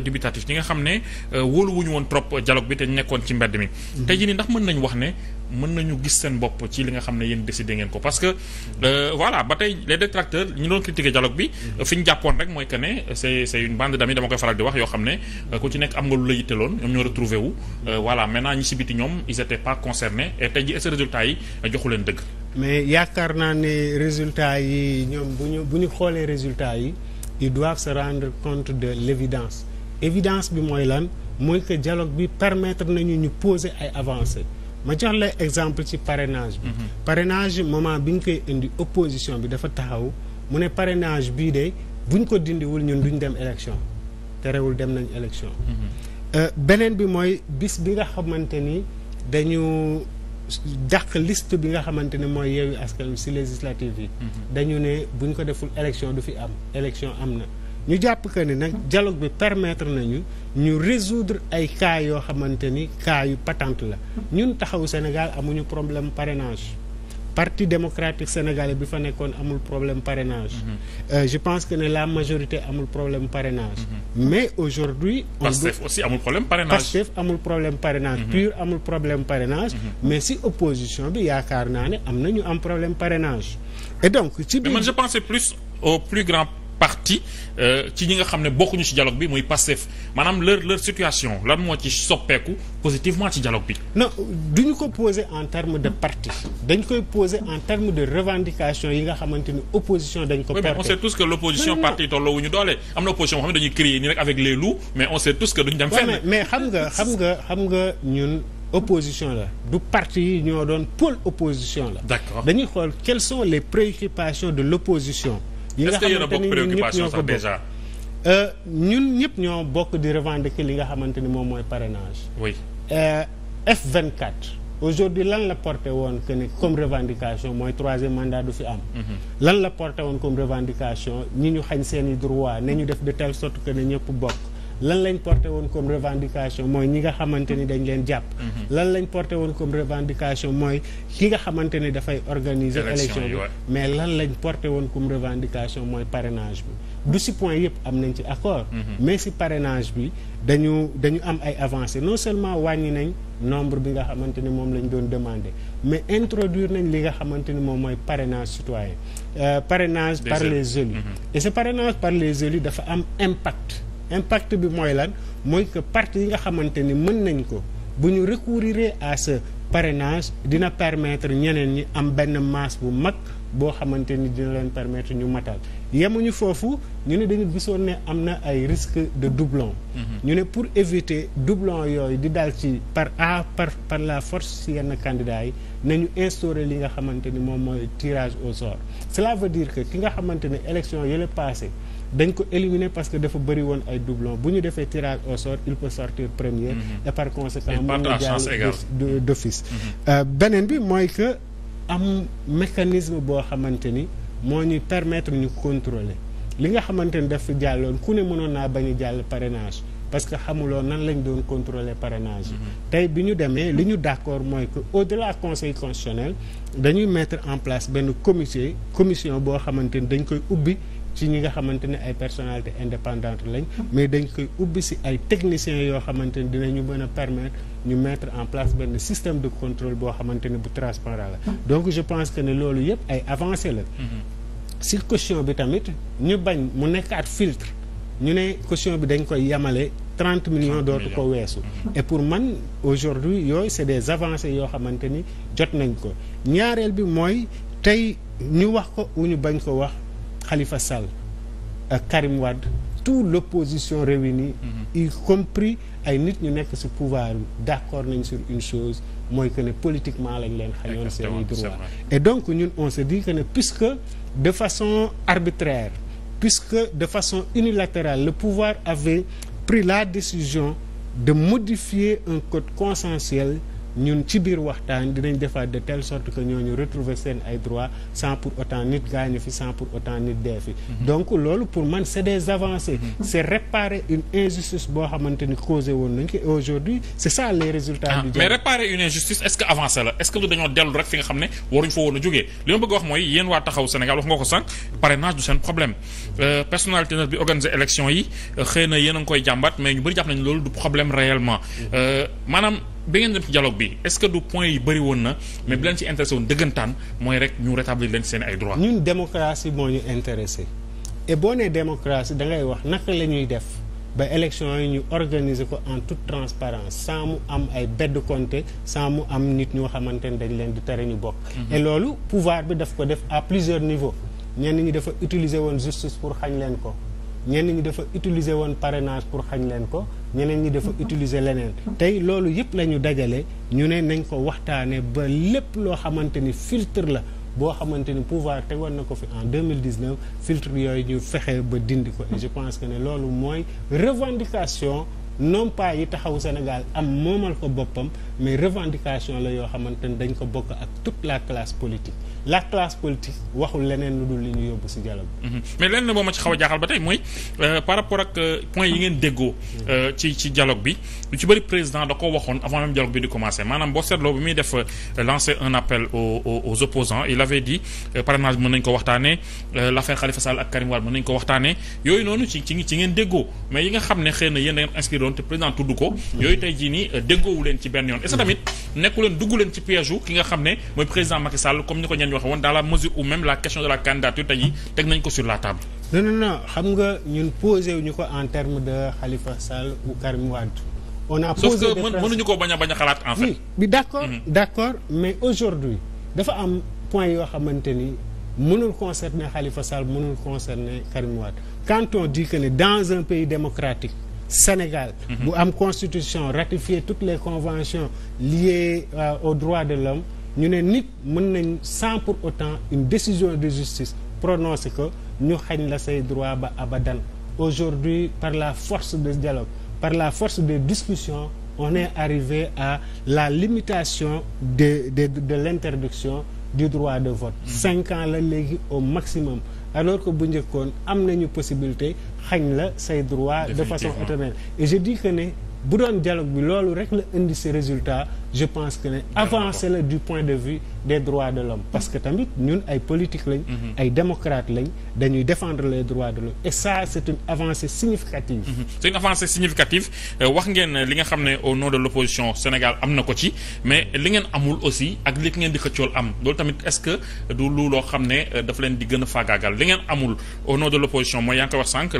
dubitatif ñi nga xam ne euh, wóolu wuñu woon trop dialogue bi te nekkoon ci mbedd mi mhm. tey jii nii ndax mën nañ wax ne mën nañu gis seen bopp ci li nga xam ne yéen décidé ngeen ko parce que mhm. euh, voilà ba tey les détracteurs ñi doon critiquer dialogue bi mhm. fi ñu jàppoon rek mooy que ne c'est c'est une bande d'amis dama koy faral di wax yoo xam ne euh, ku ci nekk am nga lu la yitteloon ñoom ñoo retrouvé wu voilà maintenant ñi si biti ñoom ils étaient pas concernés et tey jii est-ce résultat yi joxu leen dëgg mais yaakaar naa ne résultat yi ñoom bu bu ñu xoolee résultat yi ils doivent se rendre compte de évidence bi mooy lan mooy que dialogue bi permettre nañu ñu poser ay avancées ma jox la exemple ci parenage bi. Mhm. parrainage moment bi ñu koy indi opposition bi dafa taxaw mu ne parenage bii de buñ ko dindiwul ñun duñ dem élection te rewul dem nañ élection. Mhm. Euh, beneen bi mooy bis bi nga xamante ni dañu dàq liste bi nga xamante ne mooy Yewwi Askan Wi si législative yi. Mhm. dañu ne buñ ko deful élection du fi am élection am na. ñu jàpp que ni nag dialogue bi permettre nañu ñu résoudre ay cas yoo xamante ni cas yu patente la ñun taxaw Sénégal amuñu problème parenage parti démocratique sénégalais bi fa nekkoon amul problème parrainage mhm. euh, je pense que ne la majorité amul problème parrainage mhm. mais aujourd'hui on Pastef aussi amul problème parrainage Pastef amul problème parrainage mhm. PUR amul problème parenage mais si opposition bi yaakaar naa ne am na ñu am problème parrainage et donc ci biir je pensais plus au plus grand parti euh, ci ñi nga xam ne ñu ci dialogue bi muy Pastef maanaam leur leur situation lan moo ci soppeeku positivement ci dialogue bi. non du ñu ko poser en terme de parti dañ koy poser en terme de revendication yi nga xamante ni opposition dañ ko. porté on sait tous que l' opposition parti tolloowuñu doole am na opposition boo xam ne dañuy créer nii rek avec les loups mais on sait tous que duñ dem fenn. mais xam nga xam nga ñun. opposition la du parti yi ñoo doon pole opposition la. d'accord dañuy xool quelles sont les préoccupations de l'opposition yi nga xamante ni ñun ñëpp ñoo euh, ñun ñëpp ñoo bokk di revendiquer li nga xamante ni moom mooy parrainage. oui euh, F24. aujourd'hui lan la porté woon que ni comme revendication mooy troisième mandat du fi am. Mhm. lan la porte woon comme revendication ñi ñu xañ seeni droit ne ñu def de telle sorte que ne ñëpp bokk. lan lañ porté woon comme revendication mooy ñi nga xamante ni dañ leen jàpp mhm. lan lañ porté woon comme revendication mooy ki nga xamante ni dafay organiser élection bi mais lan lañ porté woon comme revendication mooy parrainage bi du si point yëpp am nañ ci accord mhm. mais si parrainage bi dañu dañu am ay avancées non seulement wàññi nañ nombre bi nga xamante ni moom lañ doon demandé mais introduire nañ li nga xamante ni moom mooy parrainage citoyen euh, parrainage par les élus mhm. et ce parrainage par les élus dafa am impact impact bi mooy lan mooy que parti yi nga xamante ni mën nañ ko bu ñu recourir à ce parrainage dina permettre ñeneen ñi am benn masse bu mag boo xamante ni dina leen permettre ñu matal yemuñu foofu ñu ne dañu gisoon ne am na ay risque de doublon mhm. ñu ne pour éviter doublon yooyu di dal ci par a par par la force si yenn candidats yi nañu instaurer li nga xamante ni moom mooy tirage au sort cela veut dire que ki nga xamante ne élection yële passé dañ ko éliminer parce que dafa bëri woon ay doublons bu ñu defee tirage au sort il peut sortir premier. Mhm. et par conséquent mën na jàll d'office. Mhm. Euh, beneen bi mooy que am mécanisme boo xamante ni moo ñuy permettre ñu contrôler li nga xamante ni fi jàlloon ku ne mënoon naa bañ a jàll parrainage. parce que xamuloo nan lañ doon contrôler parrainage yi. Mhm. tey bi ñu demee li ñu d'accord mooy que au-delà conseil constitutionnel dañuy mettre en place benn comité commission boo xamante ni dañ koy ubbi. ci ñi nga xamante ne ay personnalité indépendante lañ mais dañ koy ubbi si ay techniciens yoo xamante ne dinañu mën a permettre ñu mettre en place benn système de contrôle boo xamante ne bu transparent la mm-hmm. donc je pense que ne loolu yëpp ay avancé la mm-hmm. si caution bi tamit ñu bañ mu nekkaat filtre ñu ne caution bi dañ koy yamale trente millions dootu ko weesu mm-hmm. et pour man aujourd'hui yooyu c'est des avancées yoo xamante ni jot nañ ko ñaareel bi mooy tey ñu wax ko ñu bañ ko wax Khalifa Sall ak Karim Wade toute l'opposition réunie mhm. y compris ay nit ñu nekk ci pouvoir bi d'accord nañ sur une chose mooy que ne politiquement lañ leen xañoon seeni droit et donc ñun on se dit que ne puisque de façon arbitraire puisque de façon unilatérale le pouvoir avait pris la décision de modifier un code consensuel ñun ci biir waxtaan dinañ defaat de telle sorte que ñooñu retrouver seen ay droits sans pour autant nit gaañu fi sans pour autant nit dee fi mhm. donc loolu pour man c'est des avancées mhm. c'est réparer une injustice boo xamante ni causé woon nañ ko et aujourd'hui c'est ça les résultats ah, du mais réparer une injustice est-ce que avancé la est-ce que lu dañoo dellu rek fi nga xam ne waruñ fa woon a jógee li ma bëgg wax mooy yéen waa taxaw Sénégal wax nga ko euh, yi euh, xëy na yéen a ngi koy jàmbat mais ñu nañ loolu du problème réellement mhm. euh, maanaam bi ngeen dem ci dialogue bi est-ce que du point yi bëri woon na mais bi leen ci intéressé woon dëggantaan mooy rek ñu rétablir leen seen ay droits. ñun démocratie moo ñu intéressé et boo nee démocratie da ngay wax naka la ñuy def ba élection yi ñu organiser ko en toute transparence sans mu am ay bedd compté sans mu am nit ñoo xamante ne dañ leen di tere ñu bokk. Mhm. et loolu pouvoir bi daf ko def à plusieurs niveaux ñenn ñi dafa utiliser woon justice pour xañ leen ko ñenn ñi dafa utiliser woon parrainage pour xañ leen ko. ñeneen ñi dafa utiliser leneen tey loolu yëpp la ñu dajale ñu ne nañ ko waxtaanee ba lépp loo xamante ni filtre la boo xamante ni pouvoir tegoon na ko fi en 2019 filtre yooyu ñu fexe ba dindi ko et je pense que ne loolu mooy revendication non pas yi taxaw Sénégal am moomal ko boppam mais revendication la yoo xamante dañ ko bokk ak toute la classe politique la classe politique waxul leneen lu dul li ñu yóbbu si dialogue mhm. mais lenn moom ma ci xaw a jaaxal ba tey mooy euh, par rapport ak euh, point yi ngeen déggoo euh, ci ci dialogue bi lu ci bëri président da ko waxoon avant même dialogue bi di commencer maanaam boo seetloo bi muy def lancer un appel aux opposants il avait dit parrainage bi mën nañ ko waxtaanee doon te président tudd ko yooyu tey jii nii euh, déggoowu leen ci benn yoon et ça tamit nekku leen dugg leen ci piège ki nga xam ne mooy président Macky Sall comme ni ko ñeen ñu waxe woon dans la mesure où même teg nañ ko sur la table non non non xam nga ñun posé wuñu ko en terme de Khalifa Sall ou Karim Wade on a posé ko a bañ a xalaat en fait bi d'accord mm-hmm. d'accord mais aujourd'hui dafa am point yoo xamante ni mënul concerner xalifa Sall mënul concerner Karim Wade quand on dit que ne dans un pays démocratique Sénégal mhm. bu am constitution ratifier toutes les conventions liées euh, aux droits de l'homme ñu ne nit mën nañ sans pour autant une décision de justice prononcé ko ñu xañ la say droit ba abadan aujourd'hui par la force de dialogue par la force des discussions on est arrivé à la limitation de de de l'interdiction du droit de vote mhm. cinq ans la léegi au maximum alors que bu njëkkoon am nañu possibilité xañ la say droit de façon éternelle et je ne bu doon dialogue bi loolu rek la indi si résultat je pense que ne avancé la du point de vue des droits de l'homme parce que tamit ñun ay politique lañ mhm. ay démocrate lañ dañuy défendre les droits de l'homme et ça c'est une avancée significative mhm. c'est une avancée significative euh, wax ngeen li nga xam ne au nom de l'opposition Sénégal am na ko ci mais li ngeen amul aussi ak li ngeen di xëccool am loolu tamit est-ce que lu loo xam ne euh, dafa leen di gën a faagaagal li ngeen amul au nom de l'opposition mooy yaa ngi koy wax sànq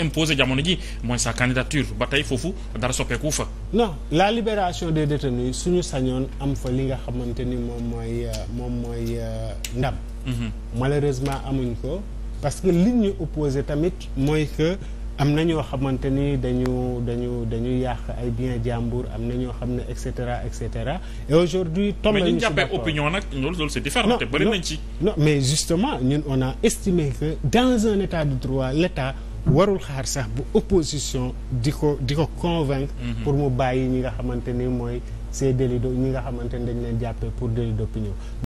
mhm. euh, jamono ji mooy sa candidature ba foofu dara soppeeku fa. non la libération des détenus suñu sañoon am fa li nga xamante ni moom mooy euh, moom mooy euh, ndam. Mhm. malheureusement amuñ ko parce que li ñu opposé tamit mooy que. am na ñoo xamante ni dañu dañu dañu yàq ay bien jàmbur am na ñoo xam ne et cetera et cetera et aujourd'hui toll nañu mais ñu jàppee opinion nag loolu loolu c'est différent te bëri nañ ci non mais justement ñun on a estimé que dans un état de droit l'état warul xaar sax bu opposition di ko di ko convaincre mhm. pour mu bàyyi ñi nga xamante ni mooy ces délits de ñi nga xamante ni dañ leen jàppee pour délit d'opinion